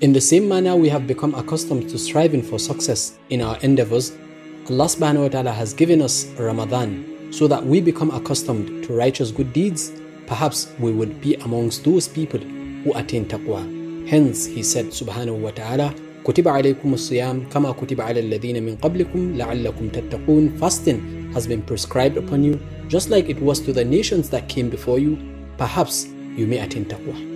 In the same manner we have become accustomed to striving for success in our endeavors, Allah subhanahu wa ta'ala has given us Ramadan so that we become accustomed to righteous good deeds, perhaps we would be amongst those people who attain taqwa. Hence he said subhanahu wa ta'ala, كتب عليكم الصيام كما كتب على الذين من قبلكم لعلكم تتقون Fasting has been prescribed upon you just like it was to the nations that came before you, perhaps you may attain taqwa.